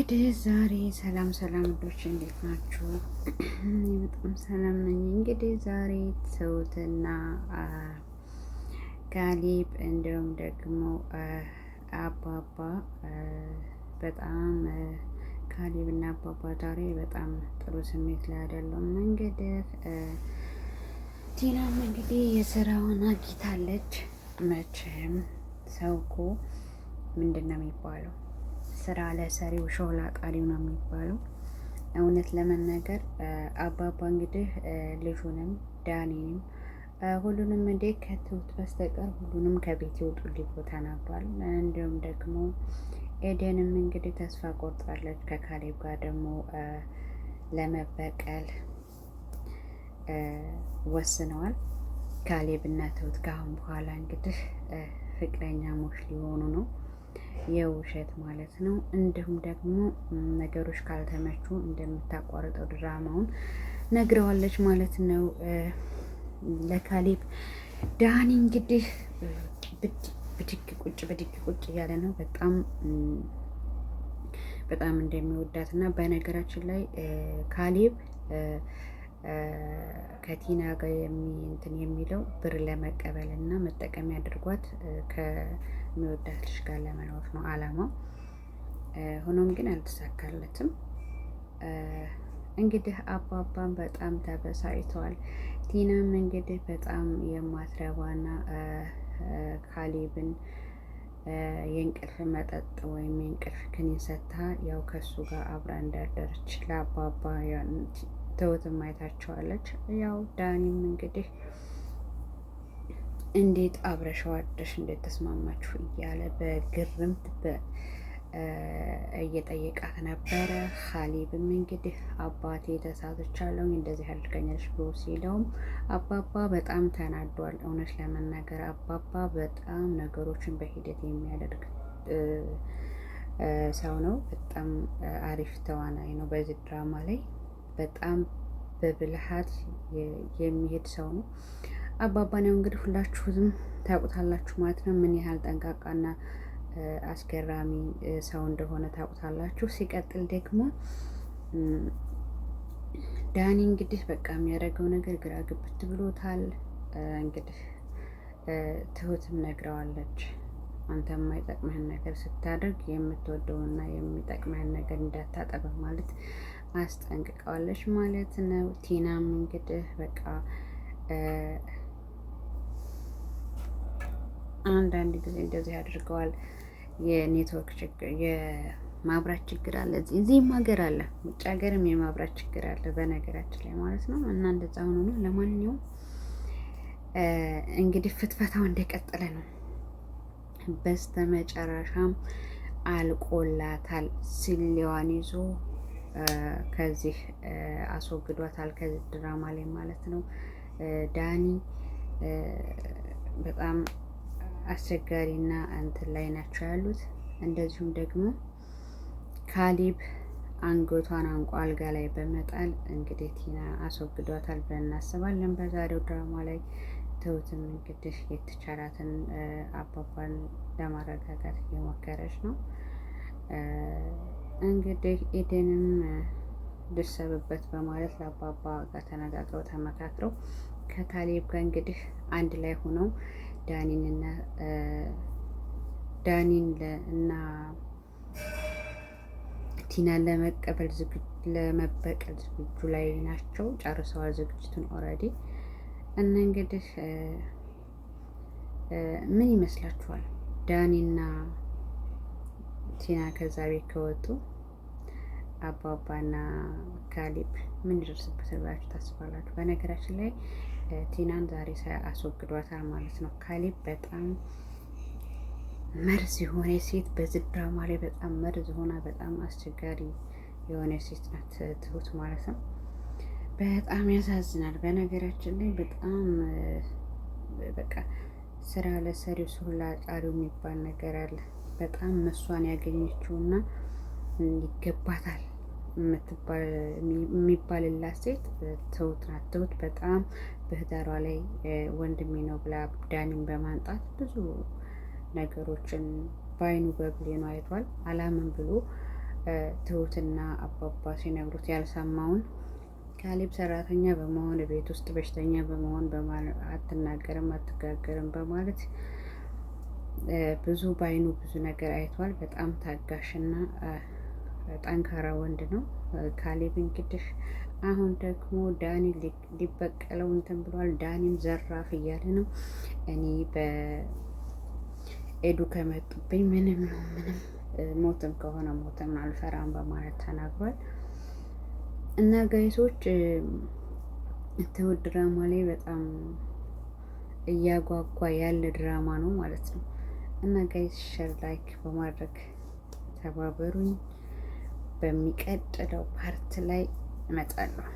እንግዲህ ዛሬ ሰላም ሰላም ልጆች እንዴት ናችሁ? በጣም ሰላም ነኝ። እንግዲህ ዛሬ ትሁትና ካሌብ እንዲሁም ደግሞ አባባ በጣም ካሌብ እና አባባ ዛሬ በጣም ጥሩ ስሜት ላይ አይደለም። እንግዲህ ቲናም እንግዲህ የስራውን አግኝታለች። መቼም ሰው እኮ ምንድን ነው የሚባለው ስራ ለሰሪው ሾላ ላቃሪው ነው የሚባለው። እውነት ለመናገር አባባ እንግዲህ ልጁንም ዳኒንም ሁሉንም እንዴ ከትውት በስተቀር ሁሉንም ከቤት ይወጡልኝ ቦታ ነበር። እንዲሁም ደግሞ ኤደንም እንግዲህ ተስፋ ቆርጣለች ከካሌብ ጋር ደግሞ ለመበቀል ወስነዋል። ካሌብ እና ትሁት ከአሁን በኋላ እንግዲህ ፍቅረኛሞች ሊሆኑ ነው። የውሸት ማለት ነው። እንዲሁም ደግሞ ነገሮች ካልተመቹ እንደምታቋርጠው ድራማውን ነግረዋለች ማለት ነው ለካሌብ። ዳኒ እንግዲህ ብድግ ቁጭ ብድግ ቁጭ እያለ ነው በጣም በጣም እንደሚወዳት እና በነገራችን ላይ ካሌብ ከቲና ጋር የሚለው ብር ለመቀበል እና መጠቀሚያ አድርጓት ከሚወዳት ልጅ ጋር ለመኖር ነው አላማው። ሆኖም ግን አልተሳካለትም። እንግዲህ አባባን በጣም ተበሳጭተዋል። ቲናም እንግዲህ በጣም የማትረባና ካሌብን የእንቅልፍ መጠጥ ወይም የእንቅልፍ ክኒን ሰታ ያው ከሱ ጋር አብራ እንዳደረች ለአባባ ትሁትም ማየታቸዋለች። ያው ዳኒም እንግዲህ እንዴት አብረሸዋደሽ እንዴት ተስማማችሁ እያለ በግርምት እየጠየቃት ነበረ። ሀሊብም እንግዲህ አባቴ ተሳትቻለሁ እንደዚህ አድርገኛለች ብሎ ሲለውም አባባ በጣም ተናዷል። እውነት ለመናገር አባባ በጣም ነገሮችን በሂደት የሚያደርግ ሰው ነው። በጣም አሪፍ ተዋናይ ነው። በዚህ ድራማ ላይ በጣም በብልሃት የሚሄድ ሰው ነው። አባባን ነው እንግዲህ ሁላችሁም ታውቁታላችሁ ማለት ነው። ምን ያህል ጠንቃቃና አስገራሚ ሰው እንደሆነ ታውቁታላችሁ። ሲቀጥል ደግሞ ዳኒ እንግዲህ በቃ የሚያደርገው ነገር ግራ ግብት ብሎታል። እንግዲህ ትሁትም ነግረዋለች፣ አንተ የማይጠቅመህን ነገር ስታደርግ የምትወደውና የሚጠቅምህን ነገር እንዳታጠበ ማለት አስጠንቅቀዋለች ማለት ነው። ቲናም እንግዲህ በቃ አንዳንድ ጊዜ እንደዚህ አድርገዋል። የኔትወርክ ችግር የማብራት ችግር አለ፣ እዚህም ሀገር አለ፣ ውጭ ሀገርም የማብራት ችግር አለ በነገራችን ላይ ማለት ነው። እና እንደዛ ሆኖ ነው። ለማንኛውም እንግዲህ ፍትፈታው እንደቀጠለ ነው። በስተመጨረሻም አልቆላታል ሲሊዋን ይዞ ከዚህ አስወግዷታል ከዚህ ድራማ ላይ ማለት ነው። ዳኒ በጣም አስቸጋሪና እንትን ላይ ናቸው ያሉት። እንደዚሁም ደግሞ ካሊብ አንገቷን አንቆ አልጋ ላይ በመጣል እንግዲህ ቲና አስወግዷታል ብለን እናስባለን። በዛሬው ድራማ ላይ ትሁትም እንግዲህ የተቻላትን አባባን ለማረጋጋት እየሞከረች ነው። እንግዲህ ኢደንም ድርሰብበት በማለት ለአባባ ጋር ተነጋግረው ተመካክረው ከታሊብ ጋር እንግዲህ አንድ ላይ ሆነው ዳኒንና ዳኒን እና ቲናን ለመቀበል ለመበቀል ዝግጁ ላይ ናቸው። ጨርሰዋል ዝግጅቱን ኦልሬዲ እና እንግዲህ ምን ይመስላችኋል ዳኒና ቲና ከዛ ቤት ከወጡ አባባና ካሌብ ምን ይደርስበታል ብላችሁ ታስባላችሁ? በነገራችን ላይ ቲናን ዛሬ አስወግዷታል ማለት ነው። ካሌብ በጣም መርዝ የሆነ ሴት በዚህ ድራማ ላይ በጣም መርዝ ሆና በጣም አስቸጋሪ የሆነ ሴት ናት ትሁት ማለት ነው። በጣም ያሳዝናል። በነገራችን ላይ በጣም በቃ ስራ ለሰሪው ሰው ላጫሪው የሚባል ነገር አለ። በጣም መሷን ያገኘችውና ይገባታል የሚባልላት ሴት ትሁት ናት። ትሁት በጣም በህዳሯ ላይ ወንድሜ ነው ብላ ዳኒን በማንጣት ብዙ ነገሮችን በአይኑ በብሌኑ አይቷል። አላምን ብሎ ትሁትና አባባ ሲነግሩት ያልሰማውን ካሌብ ሰራተኛ በመሆን ቤት ውስጥ በሽተኛ በመሆን አትናገርም፣ አትጋገርም በማለት ብዙ በአይኑ ብዙ ነገር አይቷል። በጣም ታጋሽና ጠንካራ ወንድ ነው ካሌብ። እንግዲህ አሁን ደግሞ ዳኒ ሊበቀለው እንትን ብሏል። ዳኒም ዘራፍ እያለ ነው። እኔ በኤዱ ከመጡብኝ ምንም ነው ምንም ሞትም ከሆነ ሞትም አልፈራም በማለት ተናግሯል። እና ጋይሶች ትውልድ ድራማ ላይ በጣም እያጓጓ ያለ ድራማ ነው ማለት ነው። እና ጋይስ ሸር ላይክ በማድረግ ተባበሩኝ። በሚቀጥለው ፓርት ላይ እመጣለሁ።